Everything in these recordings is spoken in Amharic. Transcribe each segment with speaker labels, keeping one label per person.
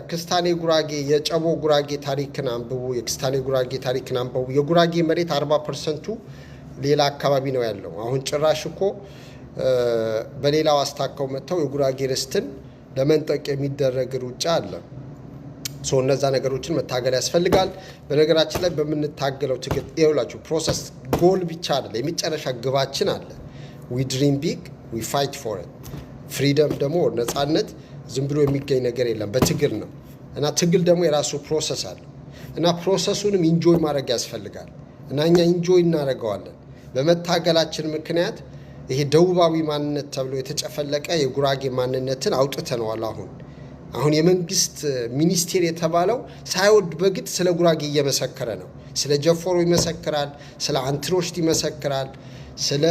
Speaker 1: የክስታኔ ጉራጌ የጨቦ ጉራጌ ታሪክን አንብቡ። የክስታኔ ጉራጌ ታሪክን አንብቡ። የጉራጌ መሬት 40 ፐርሰንቱ ሌላ አካባቢ ነው ያለው። አሁን ጭራሽ እኮ በሌላው አስታከው መጥተው የጉራጌ ርስትን ለመንጠቅ የሚደረግ ሩጫ አለ። ሰው እነዛ ነገሮችን መታገል ያስፈልጋል። በነገራችን ላይ በምንታገለው ትግል ይኸውላችሁ ፕሮሰስ ጎል ብቻ አለ፣ የመጨረሻ ግባችን አለ። ዊ ድሪም ቢግ ዊ ፋይት ፎር ፍሪደም ደግሞ ነፃነት ዝም ብሎ የሚገኝ ነገር የለም። በትግል ነው እና ትግል ደግሞ የራሱ ፕሮሰስ አለ። እና ፕሮሰሱንም ኢንጆይ ማድረግ ያስፈልጋል እና እኛ ኢንጆይ እናደርገዋለን። በመታገላችን ምክንያት ይሄ ደቡባዊ ማንነት ተብሎ የተጨፈለቀ የጉራጌ ማንነትን አውጥተነዋል። አሁን አሁን የመንግስት ሚኒስቴር የተባለው ሳይወድ በግድ ስለ ጉራጌ እየመሰከረ ነው። ስለ ጀፎሮ ይመሰክራል፣ ስለ አንትሮሽት ይመሰክራል፣ ስለ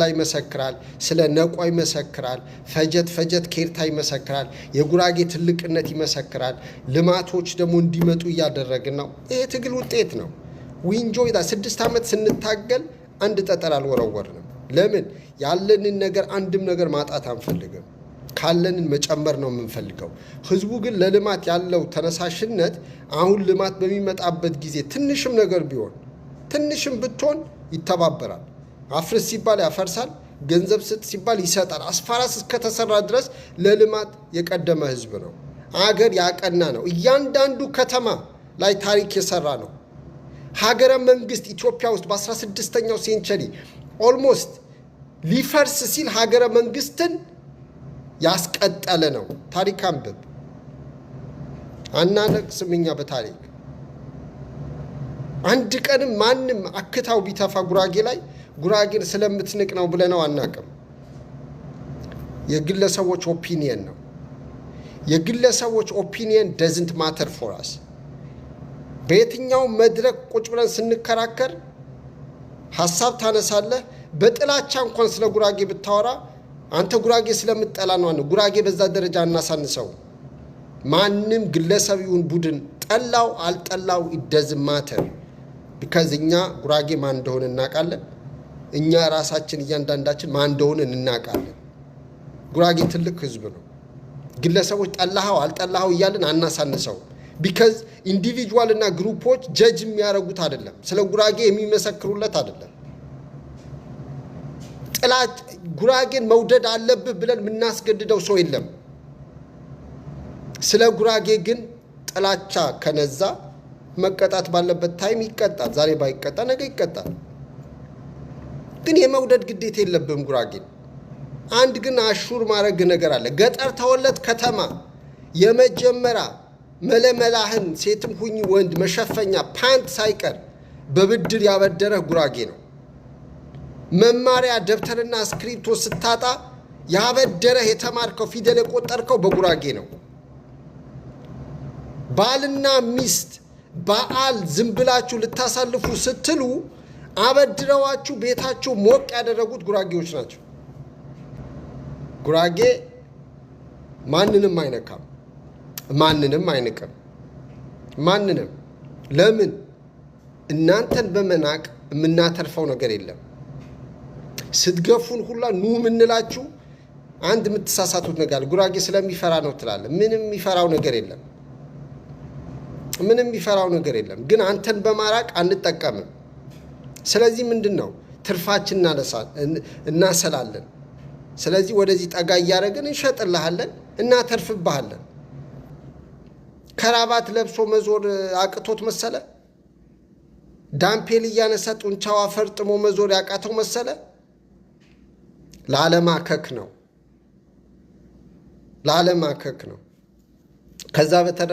Speaker 1: ላይ ይመሰክራል፣ ስለ ነቋ ይመሰክራል፣ ፈጀት ፈጀት ኬርታ ይመሰክራል፣ የጉራጌ ትልቅነት ይመሰክራል። ልማቶች ደግሞ እንዲመጡ እያደረግን ነው። ይህ ትግል ውጤት ነው። ዊንጆ ስድስት ዓመት ስንታገል አንድ ጠጠር አልወረወርንም። ለምን ያለንን ነገር አንድም ነገር ማጣት አንፈልግም። ካለንን መጨመር ነው የምንፈልገው። ህዝቡ ግን ለልማት ያለው ተነሳሽነት አሁን ልማት በሚመጣበት ጊዜ ትንሽም ነገር ቢሆን ትንሽም ብትሆን ይተባበራል። አፍርስ ሲባል ያፈርሳል፣ ገንዘብ ስጥ ሲባል ይሰጣል። አስፋራስ እስከተሰራ ድረስ ለልማት የቀደመ ህዝብ ነው። አገር ያቀና ነው። እያንዳንዱ ከተማ ላይ ታሪክ የሰራ ነው። ሀገረ መንግስት ኢትዮጵያ ውስጥ በ16ኛው ሴንቸሪ ኦልሞስት ሊፈርስ ሲል ሀገረ መንግስትን ያስቀጠለ ነው። ታሪክ አንብብ። አናነቅስም እኛ በታሪክ አንድ ቀንም ማንም አክታው ቢተፋ ጉራጌ ላይ ጉራጌን ስለምትንቅ ነው ብለነው አናቅም። የግለሰቦች ኦፒኒየን ነው። የግለሰቦች ኦፒኒየን ደዝንት ማተር ፎራስ። በየትኛው መድረክ ቁጭ ብለን ስንከራከር ሀሳብ ታነሳለህ። በጥላቻ እንኳን ስለ ጉራጌ ብታወራ አንተ ጉራጌ ስለምጠላ ነው። ጉራጌ በዛ ደረጃ እናሳንሰው። ማንም ግለሰብ ይሁን ቡድን ጠላው አልጠላው፣ ኢት ማተር ቢካዝ እኛ ጉራጌ ማን እንደሆነ እናውቃለን። እኛ ራሳችን እያንዳንዳችን ማን እንደሆነ እናውቃለን። ጉራጌ ትልቅ ህዝብ ነው። ግለሰቦች ጠላሃው አልጠላሃው እያለን አናሳንሰው። ቢካዝ ኢንዲቪጁዋል እና ግሩፖች ጀጅ የሚያደርጉት አይደለም፣ ስለ ጉራጌ የሚመሰክሩለት አይደለም። ጥላት ጉራጌን መውደድ አለብህ ብለን የምናስገድደው ሰው የለም። ስለ ጉራጌ ግን ጥላቻ ከነዛ መቀጣት ባለበት ታይም ይቀጣል። ዛሬ ባይቀጣ ነገ ይቀጣል። ግን የመውደድ ግዴታ የለብም ጉራጌን። አንድ ግን አሹር ማድረግ ነገር አለ። ገጠር ተወለድ ከተማ የመጀመሪያ መለመላህን ሴትም ሁኝ ወንድ መሸፈኛ ፓንት ሳይቀር በብድር ያበደረህ ጉራጌ ነው። መማሪያ ደብተርና እስክሪብቶ ስታጣ ያበደረህ የተማርከው ፊደል የቆጠርከው በጉራጌ ነው። ባልና ሚስት በዓል ዝም ብላችሁ ልታሳልፉ ስትሉ አበድረዋችሁ ቤታችሁ ሞቅ ያደረጉት ጉራጌዎች ናቸው። ጉራጌ ማንንም አይነካም፣ ማንንም አይንቅም፣ ማንንም። ለምን? እናንተን በመናቅ የምናተርፈው ነገር የለም። ስትገፉን ሁላ ኑ የምንላችሁ አንድ የምትሳሳቱት ነገር ጉራጌ ስለሚፈራ ነው ትላለ። ምንም የሚፈራው ነገር የለም። ምንም የሚፈራው ነገር የለም። ግን አንተን በማራቅ አንጠቀምም። ስለዚህ ምንድን ነው ትርፋችን እናሰላለን። ስለዚህ ወደዚህ ጠጋ እያደረግን እንሸጥልሃለን፣ እናተርፍብሃለን። ከራባት ለብሶ መዞር አቅቶት መሰለ? ዳምፔል እያነሰ ጡንቻው አፈርጥሞ መዞር ያቃተው መሰለ? ላለማከክ ነው፣ ላለማከክ ነው። ከዛ በተረ